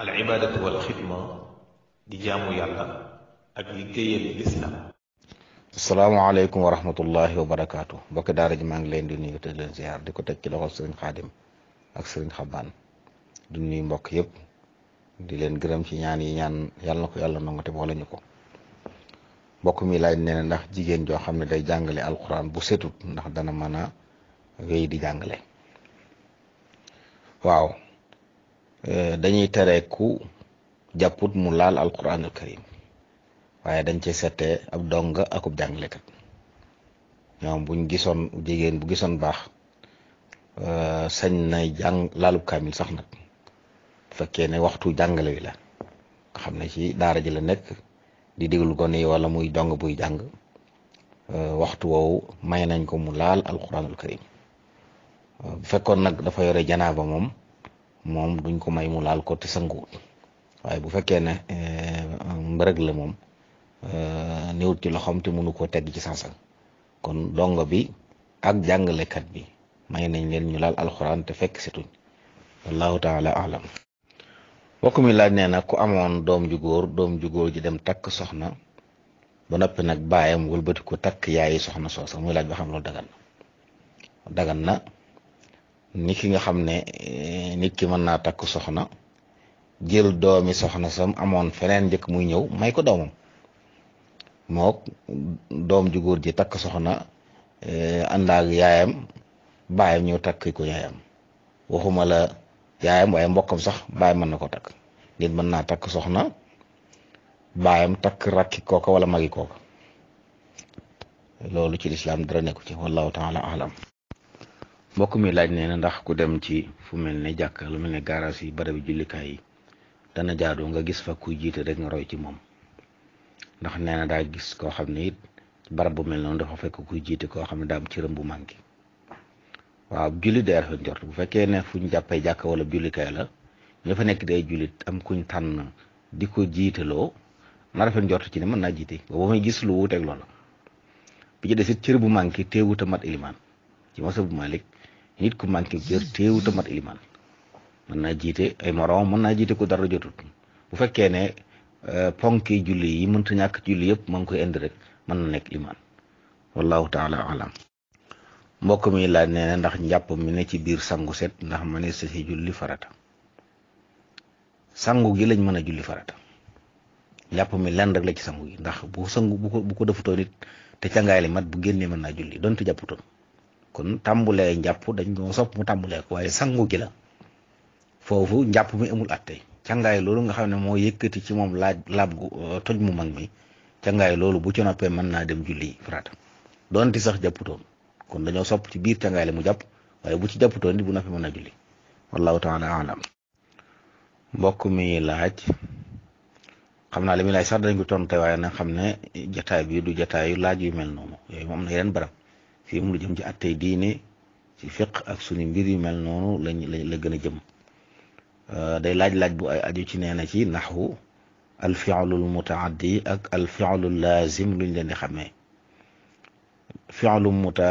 al ibaadatu wal xidma di jaamu yàlla ak liggéeyal lislaam asalaamaaleykum wa rahmatullahi wa barakaatu mbokki daara ji maa ngi leen di nuyu te leen ziar di ko teg ci loxo sëriñ xaadim ak sëriñ xabaan di mbokk yépp di leen gërëm ci ñaan yi ñaan yàlla ko yàlla nangu te boole ñu ko mbokk mi laaj nee ndax jigéen joo xam ne day jàngale alquran bu setut ndax dana mën a wéy di jàngale waaw Euh, dañuy tereku ku jàpput mu laal alquranul karim waaye dañ ci settee ab dong akub jàngalekat ñoom buñ gisoon jigéen bu gisoon baax euh, sañ na jàng laalub kaamil sax nag bu fekkee ne waxtu jàngale wi la xam ne ci daara ji nekk di déglu gone yi wala muy dong buy jàng euh, waxtu woowu may nañ ko mu laal alquranul karim bu fekkoon nag dafa yore janaaba moom moom duñ ko may mu laal ko te sanguwut waaye bu fekkee ne eh, mbërëg la moom eh, néewut ci loxoom te mënu koo teg ci sansan kon dongo bi ak jàngalekat bi may nañ leen ñu laal alxuraan te fekk situñ wallahu taala alam mbokk mi laaj nee na ku amoon doom ju góor doom ju góor ji dem takk soxna ba noppi nag baayam wëlbati ko takk yaayi soxna soosa muy laaj ba xam loolu dagan na na ni ki nga xam ne eh, nit ki mën naa takk soxna jël doomi soxna som amoon feneen njëkk muy ñëw may ko doomam mook doom ju góor ji takk soxna eh, àndaag yaayam baayam ñëw takk ko yaayam waxuma la yaayam waaye mbokkam sax baayam mën na ko takk nit mën naa takk soxna baayam takk rakki kooka wala magi kooka loolu ci lislaam dara nekku ci wallahu taala alam mbokk mi laaj nee na ndax ku dem ci fu mel ne jàkk lu mel ne gaaras yi barabi jullikaay yi dana jaadoo nga gis fa kuy jiite rek nga roy ci moom ndax nee na daa gis koo xam ne it barab bu mel noonu dafa fekk kuy jiite koo xam ne daa am cëram bu manqué waaw jullit day rafet njort bu fekkee ne fu ñu jàppee jàkk wala jullikaay la ña fa nekk day jullit am kuñ tànn di ko jiiteloo na rafet njort ci ne mën naa jiite boobu may gis lu wuuteeg loola bi ci des it bu manqué teewut a mat ilimaan nit ku manqué cër teewut a mat iliman mën naa jiite ay moroom mën naa jiite ku dara jotut bu fekkee ne euh, ponk yi julli yi mënta ñàkk julli yëpp ma ngi koy indi rek mën na nekk liman wallahu taala alam mbokk mi laaj nee ndax njàpp mi ne ci biir sangu set ndax ma ne sa si julli farata sangu gi lañ mën a julli farata njàpp mi lenn rek la ci sangu gi ndax bu sangu bu ko bu ko defutoo nit te cangaay la mat bu génnee mën naa julli donte jàpputoon kon tàmbulee njàpp dañ ko sopp mu tàmbulee ko waaye sangu gi la foofu njàpp mi amul atte cangaay loolu nga xam ne moo yëkkati ci moom laaj laab gu euh, toj mu mag mi cangaay loolu bu ci noppee mën naa dem julli farata doonte sax jàpputoon kon dañoo sopp ci biir cangaay la mu jàpp waaye bu ci jàpputoon di bu noppee mën naa julli wallahu taala alam mbokk mi laaj xam naa li muy laaj sax dañ ko tontu waaye na xam ne jataay bi du jataayu laaj yu mel noonu yooyu moom na yeneen barab ci mu lu jëm ci attey diine ci fiq ak suñu mbir yu mel noonu lañ la gën a jëm euh, day laaj-laaj bu ay aju ci nee na ci naxwu alfialul mutaaddi ak alfialul laazim luñ leen di xamee fialu muta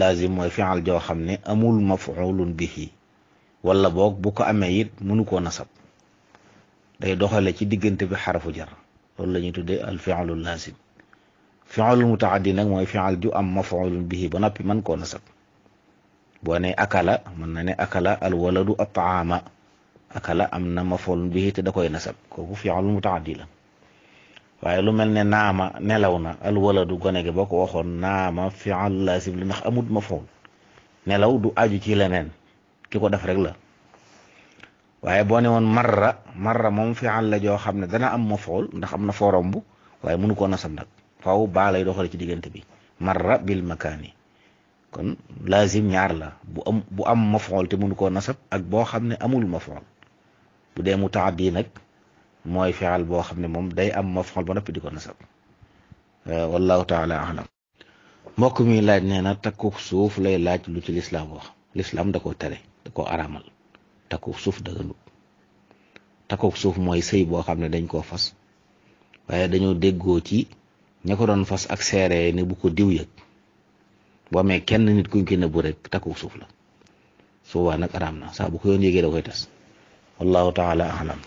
laazim mooy fial joo xam ne amul mafulun bihi wala boog bu ko amee it mënu koo nasab day doxale ci diggante bi xarafu jar loolu la ñuy tuddee alfialul laazim fi'lul mutaaddi nag mooy fi'l ju am maf'ulun bihi ba noppi mën koo nasab boo ne akala mën na ne akala al waladu at'ama akala am na maf'ulun bihi te da koy nasab kooku fi'lul mutaaddi la waaye lu mel ne naama nelaw na al waladu gone gi boo ko waxoon naama fi'l laazim la ndax amut maf'ul nelaw du aju ci leneen ki ko def rek la waaye boo ne woon marra marra moom fi'l la joo xam ne dana am maf'ul ndax am na forombu waaye mënu koo nasab nag faw baa lay doxale ci diggante bi marra bil makaani kon lazim ñaar la bu am bu am mafool te mënu koo nasab ak boo xam ne amul mafool bu dee mu taaddi nag mooy fexal boo xam ne moom day am mafool ba noppi di ko nasab euh, wallahu taala alam mbokk mi laaj nee na takku suuf lay laaj lu ci lislaam wax lislaam da koo tere da koo araamal takku suuf dëgganut takku suuf mooy sëy boo xam ne dañ koo fas waaye dañoo déggoo ci ña ko doon fas ak seere ne bu ko diw yëg boo amee kenn nit kuñ ko nëbbu rek takku suuf la su boobaa nag araam na saa bu ko yoon yëgee da koy tas wallahu taala alam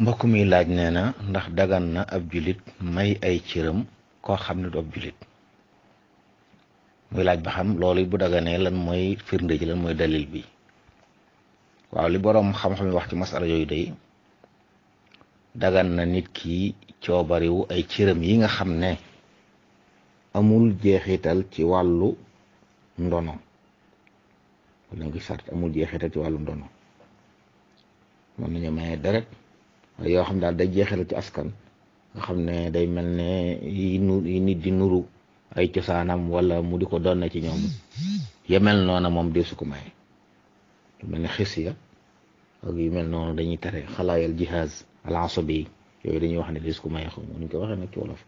mbokk mi laaj nee na ndax dagan na ab julit may ay cëram koo xam ne du ab julit muy laaj ba xam loolu bu daganee lan mooy firnde ji lan mooy dalil bi waaw li boroom xam-xam yi wax ci masala yooyu day dagan na nit ki coobariwu ay cëram yi nga xam ne amul jeexital ci wàllu ndono wala ngi sart amul jeexital ci wàllu ndono mën nañu maye deret waaye yoo xam daal day jeexital ci askan nga xam ne day mel ne yi nit di nuru ay cosaanam wala mu di ko doon ci ñoom yemel noona moom de su ko lu mel ne xis ak yu mel noonu dañuy tere xalaayal jihaz al bi yooyu dañuy wax ne des ko maye xamu ñu ko waxee nag ci wolof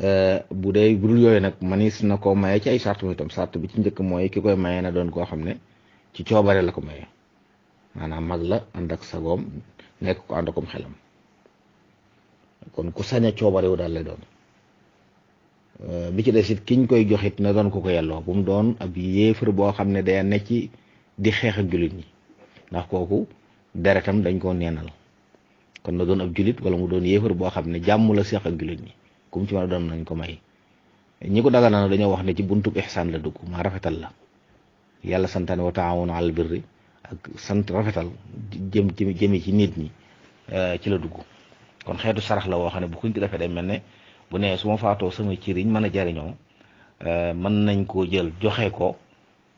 euh, bu dee bu dul yooyu nag manis na ko maye ci ay sart mu itam sart bi ci njëkk mooy ki koy maye na doon koo xam ne ci coobare la ko maye maanaam mag la ànd ak sagoom nekk ko ànd akom xelam kon ku sañ a coobarewu daal lay doon euh, bi ci def it kiñ koy joxit na doon ko ko yelloo bu mu doon ab yéefar boo xam ne day nekk ci di xeex ak jullit ndax kooku deretam dañ koo neenal kon na doon ab julit wala mu doon yéefar boo xam ne jàmm la seex ak julit ñi kum ci mën a doon nañ ko may ñi ko daga dañoo wax ne ci buntub ixsaan la dugg maa rafetal la yàlla santaane wa taawoon al birri ak sant rafetal jëm jëm jëmi ci nit ñi eh, ci la dugg kon xeetu sarax la woo xam ne bu kuñ ci defee day mel ne bu nee su ma faatoo sama ciriñ mën a jariñoo eh, mën nañ koo jël joxe ko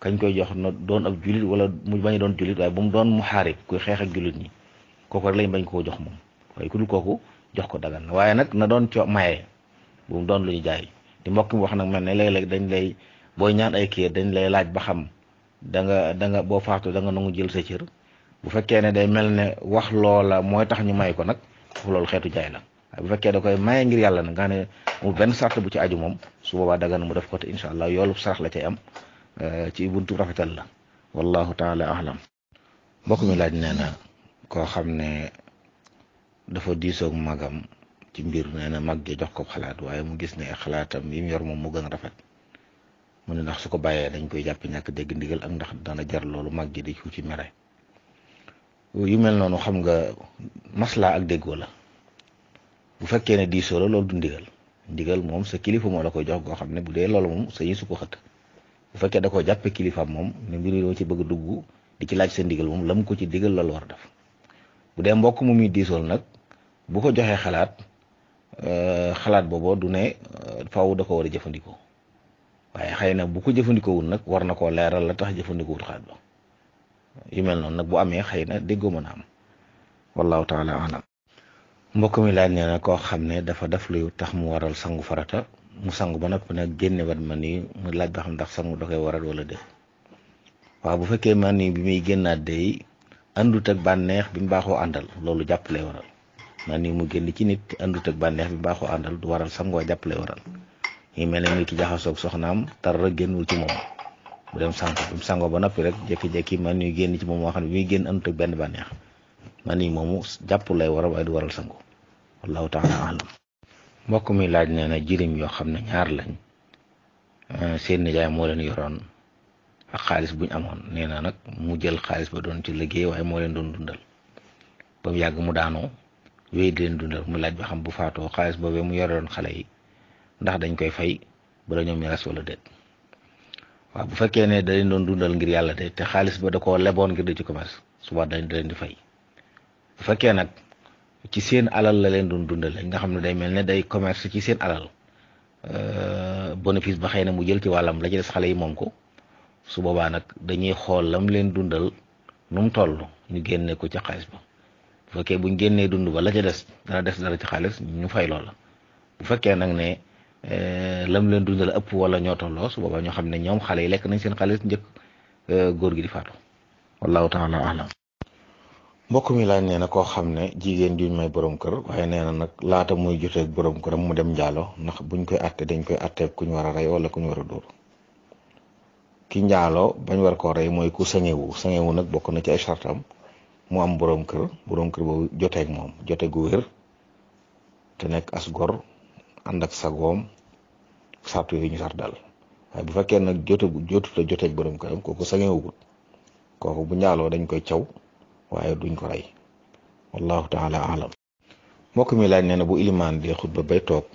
kañ koy jox na doon ab jullit wala mu bañ doon jullit waaye bu mu doon mu xaarib kuy xeex ak jullit ñi kooku rek lañ bañ koo jox moom waaye ku dul kooku jox ko dagan na waaye nag na doon coo maye bu doon lu ñu jaay di mbokk mi wax nag mel ne léeg-léeg dañ lay boo ñaan ay kii dañ lay laaj ba xam da nga da nga boo faatu da nga nangu jël sa cër bu fekkee ne day mel ne wax loola mooy tax ñu may ko nag foofu loolu xeetu jaay la bu fekkee da koy maye ngir yàlla na nga ne mu benn sart bu ci aju moom su boobaa dagan mu def ko te incha yoolu sarax la cay am Eh, ci buntu rafetal la wallahu taala ahlam mbokk mi laaj nee na koo xam ne dafa diisoog magam ci mbir nee na mag gi jox ko xalaat waaye mu gis ne xalaatam yi yor moom mu gën a rafet mu ne ndax su ko bàyyee dañ koy jàpp ñàkk dégg ndigal ak ndax dana jar loolu mag gi di ku ci mere yu mel noonu xam nga maslaa ak déggoo la bu fekkee ne diisoo la loolu du ndigal ndigal moom sa kilifa moo la koy jox goo xam ne bu dee loolu moom sa yi su ko xëtt bu fekkee da koo jàppee kilifaam moom ne mbir yoo ci bëgg a dugg di ci laaj sa ndigal moom lam ko ci digal loolu war def bu dee mbokk mu muy diisool nag bu ko joxee xalaat euh, xalaat booboo du ne euh, faaw da ko war a jëfandikoo waaye xëy na bu ko jëfandikoo jëfandikoowul nag war na koo leeral la tax jëfandikoo xalaat ba yu mel noonu nag bu amee xëy na déggoo mën a am wallahu taala alam mbokk mi laaj nee na koo xam ne dafa def luy tax mu waral sangu farata mu sangu ba noppi nag génne wat man nii mu laaj ba xam ndax sangu da koy waral wala def waaw bu fekkee man nii bi muy génnaat day àndut bànneex bi mu baaxoo àndal loolu jàpp lay waral man nii mu génn ci nit àndut ak bi baaxoo àndal du waral sangoo jàpp lay waral ñu mel ne nit ki jaxasoog soxnaam tar rek génnul ci moom bu dem sangoo ba noppi rek jékki-jékki man nii génn ci moom moo xam ne bi muy génn àndut ak benn bànneex man nii moomu jàpp lay waral waaye du waral sangu wallahu taala alam mbokk mi laaj nee na jirim yoo xam ne ñaar lañ euh, seen nijaay moo leen yoroon ak xaalis buñ amoon nee na nag mu jël xaalis ba doon ci liggéey waaye moo leen doon dundal ba yàgg mu daanoo wéy di leen dundal mu laaj ba xam bu faatoo xaalis boobee mu yore xale yi ndax dañ koy fay bala ñoom ñaras wala déet waaw bu fekkee ne da leen doon dundal ngir yàlla de te xaalis ba da koo leboon ngir di ci commerce suba dañ da leen di fay bu fekkee nag. ci seen alal la leen doon dundale nga xam ne day mel ne day commerce ci seen alal euh, bénéfice ba xëy na mu jël ci wàllam la ci des yi moom ko su boobaa nag dañuy xool lam leen dundal nu mu toll ñu génnee ko ca xaalis ba bu fekkee buñ génnee dund ba la ca des dana des dara ci xaalis ñu fay loola bu fekkee nag ne euh, lam leen dundal ëpp wala ñoo tolloo su boobaa ñoo xam ne ñoom xale yi lekk nañ seen xaalis njëkk euh, góor gi di faatu wallahu taala alam mbokk mi laaj nee na koo xam ne jigéen juñ may borom kër waaye nee na nag laata muy joteeg borom këram mu dem njaalo ndax buñ koy atte dañ koy atteeg ku ñu war a rey wala ku ñu war a ki njaalo bañ war koo rey mooy ku sangewu sangewu nag bokk na ci ay sartam mu am borom kër borom kër boobu joteeg moom jote gu wér te nekk as gor ànd ak sagoom sartu yi ñu sar dal waaye bu fekkee nag jote jotut a joteeg borom këram kooku sangewu kooku bu njaaloo dañ koy caw waaye duñ ko ray wallahu taala alam mbokk mi laaj na na bu ilimaan dee xutba bay toog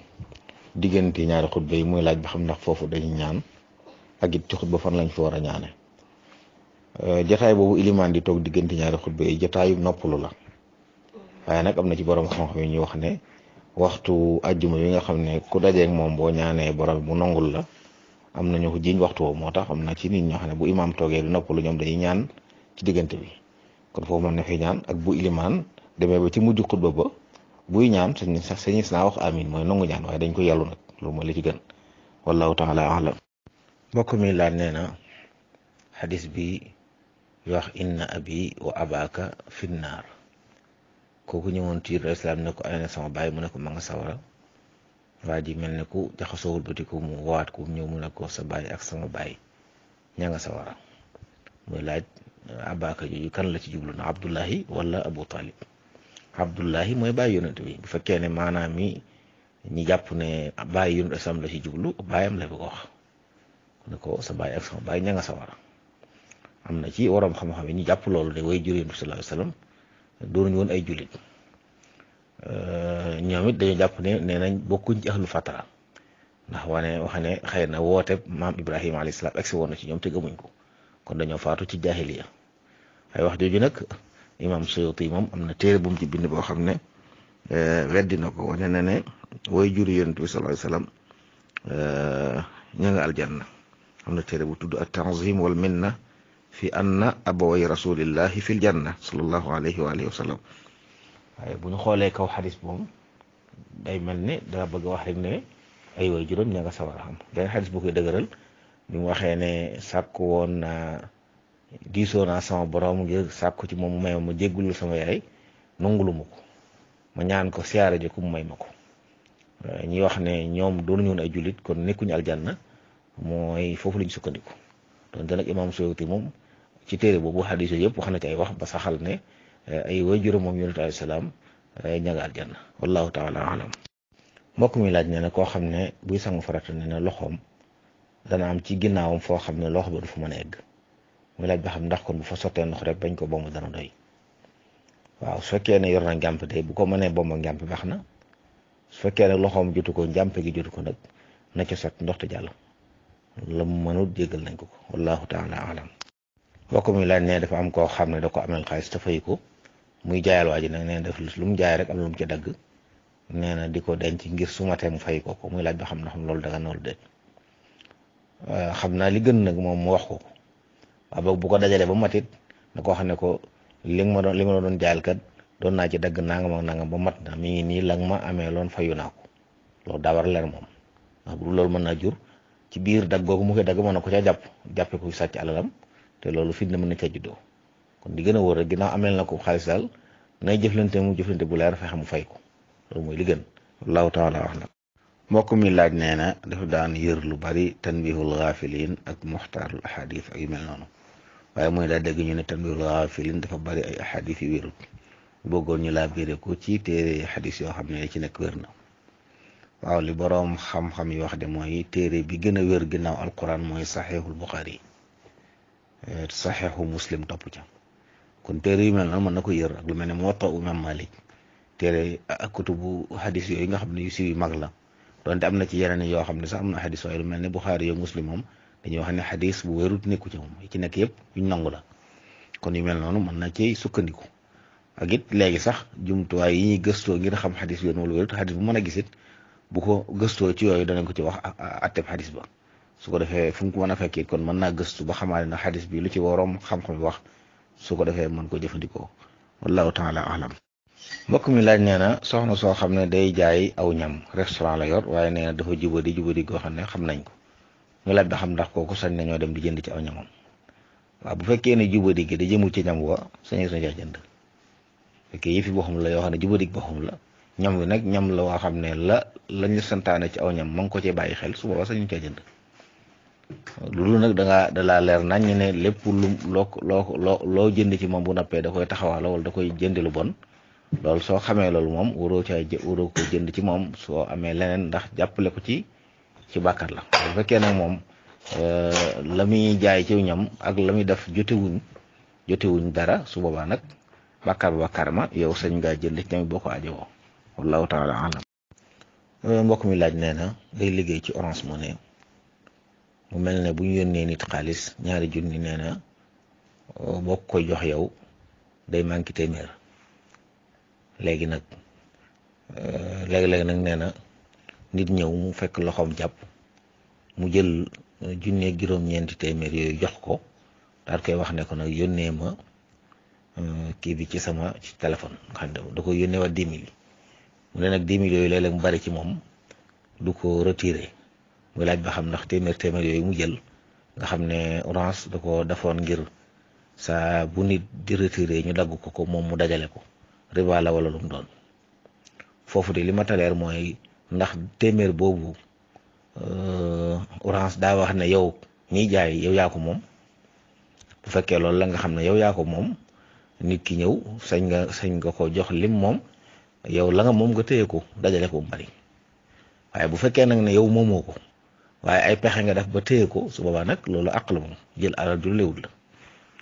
diggante ñaari xutba yi muy laaj ba xam ndax foofu dañuy ñaan ak it ci xutba fan lañ fa war a ñaane euh, jataay boobu ilimaan di toog diggante ñaari xutba yi jataayu noppalu la waaye nag am na ci borom xam-xam ñuy wax ne waxtu ajjuma yi nga xam ne ku dajeeg moom boo ñaanee borom mu nongul la am na ñu ko jiiñ waxtu woo moo tax am na ci nit ñoo xam ne bu imaam toogee du noppalu ñoom dañuy ñaan ci diggante bi kon foofu mën na fi ñaan ak bu ilimaan demee ba ci mujj xutba ba buy ñaan sañ sax sañis naa wax amin mooy nangu ñaan waaye dañ ko yàllu nag loolu mooy li ci gën wallahu taala alam mbokk mi laaj nee na xadis bi wax na abi wa abaka finnaar kooku ñëwoon ci islam ne ko ay sama baay mu ne ko ma sawara waa ji mel ne ku jaxasoowul batiku mu waat ku ñëw mu ne ko sa ak sama bàyyi ña sawara muy laaj abaka jooju kan la ci jublu na abdullahi wala abu talib abdullahi mooy bàyyi yonent bi bu fekkee ne maanaam mi ñi jàpp ne bàyyi yonent sam la ci jublu bàyyam la bu ko wax ne ko sa bàyyi ak sama bàyyi ña nga sa war am na ci waram xam-xam yi ñu jàpp loolu de way jur yonent bi sallallahu alayhi wasallam woon ay jullit ñoom it dañu jàpp ne nee nañ bokkuñ ci lu fatara ndax wane wax ne xëy na woote maam Ibrahima alayhi salaam egsi woon na ci ñoom te gëmuñ ko kon dañoo faatu ci jaahiliya ay wax jooju nag imam Suyuti moom am na téere bu mu ci bind boo xam ne eh, weddi na ko wane na ne woy juri yonent bi sallallahu alayhi wasallam eh, ña aljanna am na téere bu tudd at-tanzim wal minna fi anna abaway rasulillahi fil janna sallallahu alayhi wa alihi wa sallam waaye bu ñu xoolee kaw xadis moom day mel ne daa bëgg wax rek ne ay way juróom ña nga sawar bu koy dëgëral bi waxee ne sàkk woon naa diisoo naa sama borom ngir sàkku ci moom mu may ma jéggulul sama yaay nangulu ma ko ma ñaan ko siyaare ji ku mu may ma ko euh, ñi wax ne ñoom doonu ñoon ay jullit kon nekkuñu na mooy foofu lañ sukkandiku donte nag imaam Suyuuti moom ci téere boobu xadis yooyu yëpp wax na ci ay wax ba saxal ne euh, ay waajuram moom yonent alayhi salaam euh, ña nga aljanna wallahu taala alam mbokk mi laaj ne koo xam ne buy sangu farata ne na loxoom dana am ci ginnaawam foo xam ne loxo ba du a egg muy laaj ba xam ndax kon bu fa sottee ndox rek bañ ko bomb dana doy waaw su fekkee ne yor na njàmp tey bu ko mënee bomb njàmp baax na su fekkee ne loxoom jotu ko njàmp gi jotu ko nag na ca sotti ndox te jàll la mu mënul jéggal nañ ko ko wallahu taala alam bokk mi laaj ne dafa am koo xam ne da ko amel xaalis te fay ko muy jaayal waa ji nag na def lu mu jaay rek am lu mu ca dagg nee na di ko denc ngir su matee mu fay ko ko muy laaj ba xam ndax loolu danga noonu de xam naa li gën nag moom mu wax ko. waaye boog bu ko dajalee ba matit na ko wax ne ko li ma doon li ma doon jaayal kat naa ci dagg nangam ak nangam ba mat na mi ngi nii la ma amee loon fayu naa ko loolu daa war a leer moom ndax loolu mën naa jur ci biir dagg googu dagg mën na ko caa jàpp jàppe ko sàcc alalam te loolu fitna mën na caa juddoo kon di woor a wóor rek ginnaaw ameel na ko xaalis daal nay jëflante mu jëflante bu leer fexe mu fay ko loolu mooy li gën wallahu taala alam mbokk mi laaj nee na dafa daan yër lu bari tanbihul xaafiliin ak muxtaarul ahadis ak yu mel noonu waaye mooy laa dégg ñu ne tanbiihul gaafiliin dafa bari ay xadis yu wérut bëggoon ñu laa biire ko ci téere xadis yoo xam ne la ci nekk wér na waaw li boroom xam-xam yi wax de mooy téere bi gën a wér ginnaaw alquran mooy saxiixul buxaari eh, saxiixu muslim topp ca kon téere yu mel noonu mën na ko yër ak lu mel ne muwatta imam malik téere ak kutubu xadis yooyu nga xam ne yu siiw yu mag la donte am na ci yeneen yoo xam ne sax am na xadis waaye lu mel ne buxaari yoo muslim moom dañuy wax ne xadis bu wérut nekku ci moom yi ci nekk yëpp yuñ nangu la kon yu mel noonu mën na ci sukkandiku ak it léegi sax jumtuwaay yi ñuy gëstoo ngir xam xadis yoon wala bu mën a gisit bu ko gëstoo ci yooyu danañ ko ci wax atteb xadis ba su ko defee fu mu ko mën a fekkee kon mën naa gëstu ba xamaale na xadis bi lu ci waroom xam-xam wax su ko defee mën ko jëfandikoo wallahu taala alam mbokk mi laaj nee na soxna soo xam ne day jaay aw ñam restaurant la yor waaye nee na dafa jubadi jubadi goo xam ne xam nañ ko ñu laaj ba xam ndax kooku sañ nañoo dem di jënd ci aw ñamam waaw bu fekkee ne jubadi gi da jëmu ci ñam wa sañu sañ jox jënd fekkee yëfi boppam la yoo xam la ñam wi nag ñam la waa xam ne la lañ santaane ci aw ñam ma ngi ko cee bàyyi xel suba boobaa sañu cee jënd loolu nag da ngaa da laa leer nañ ñu ne lépp lu loo loo loo jënd ci moom bu nappee da koy taxawaala wala da koy jënd lu bon loolu soo xamee loolu moom waroo caa waroo ko jënd ci moom soo amee leneen ndax jàppale ko ci ci bàkkaar la bu fekkee nag moom euh, la muy jaay ci ñam ak la muy def jotewuñ jotewuñ dara su boobaa nag bàkkaar bu bàkkaar yow sañ ngaa jël ci tamit boo ko ajowoo wallahu taala alam euh, mbokk mi laaj nee na ngay liggéey ci Orange Money mu mel ne bu yónnee nit xaalis ñaari junni nee na euh, boo koy jox yow day manqué téeméer léegi nag léegi-léegi nag nee na nit ñëw mu fekk loxoom jàpp mu jël uh, junne juróom-ñeenti téeméer yooyu jox ko daal koy wax ne ko nag yónnee ma uh, kii bi ci sama ci téléphone xam da ko yónnee wa dix mu ne nag dix yooyu léeg-léeg bari ci moom du ko retiré muy laaj ba xam ndax téeméer téeméer yooyu mu jël nga xam ne orange da ko defoon ngir saa bu nit di retiré ñu dagg ko ko moom mu dajale ko riba wala lu doon foofu de li taleer mooy ndax téeméer boobu euh, orange daa wax ne yow miy jaay yow yaa ko moom bu fekkee loolu la nga xam ne yow yaa ko moom nit ki ñëw sañ nga sañ nga ko jox lim moom yow la nga moom nga téye ko dajale ko bu bari waaye bu fekkee nag ne yow moomoo ko waaye ay pexe nga def ba téye ko su boobaa nag loolu àq la moom jël alal du léwul la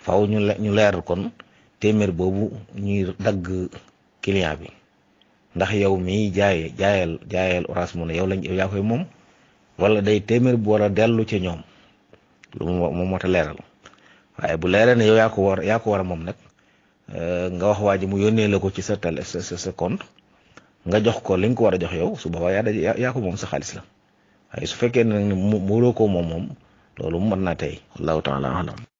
faaw ñu ñu leer kon téeméer boobu ñuy dagg client bi. ndax yow mi jaaye jaayal jaayal orange mu yow lañ yow moom wala day téeméer bu war dellu ci ñoom lu moom moo ta leeral waaye bu leeral ne yow yaa ko war yaa moom nag euh, nga wax waa ji mu yónnee la ko ci sa tel sa sa nga jox ko li nga ko war a jox yow su boobaa ko moom sa xaalis la waaye su fekkee ne nag mu mu waroo ko moom moom loolu mën na tey wallahu taala alam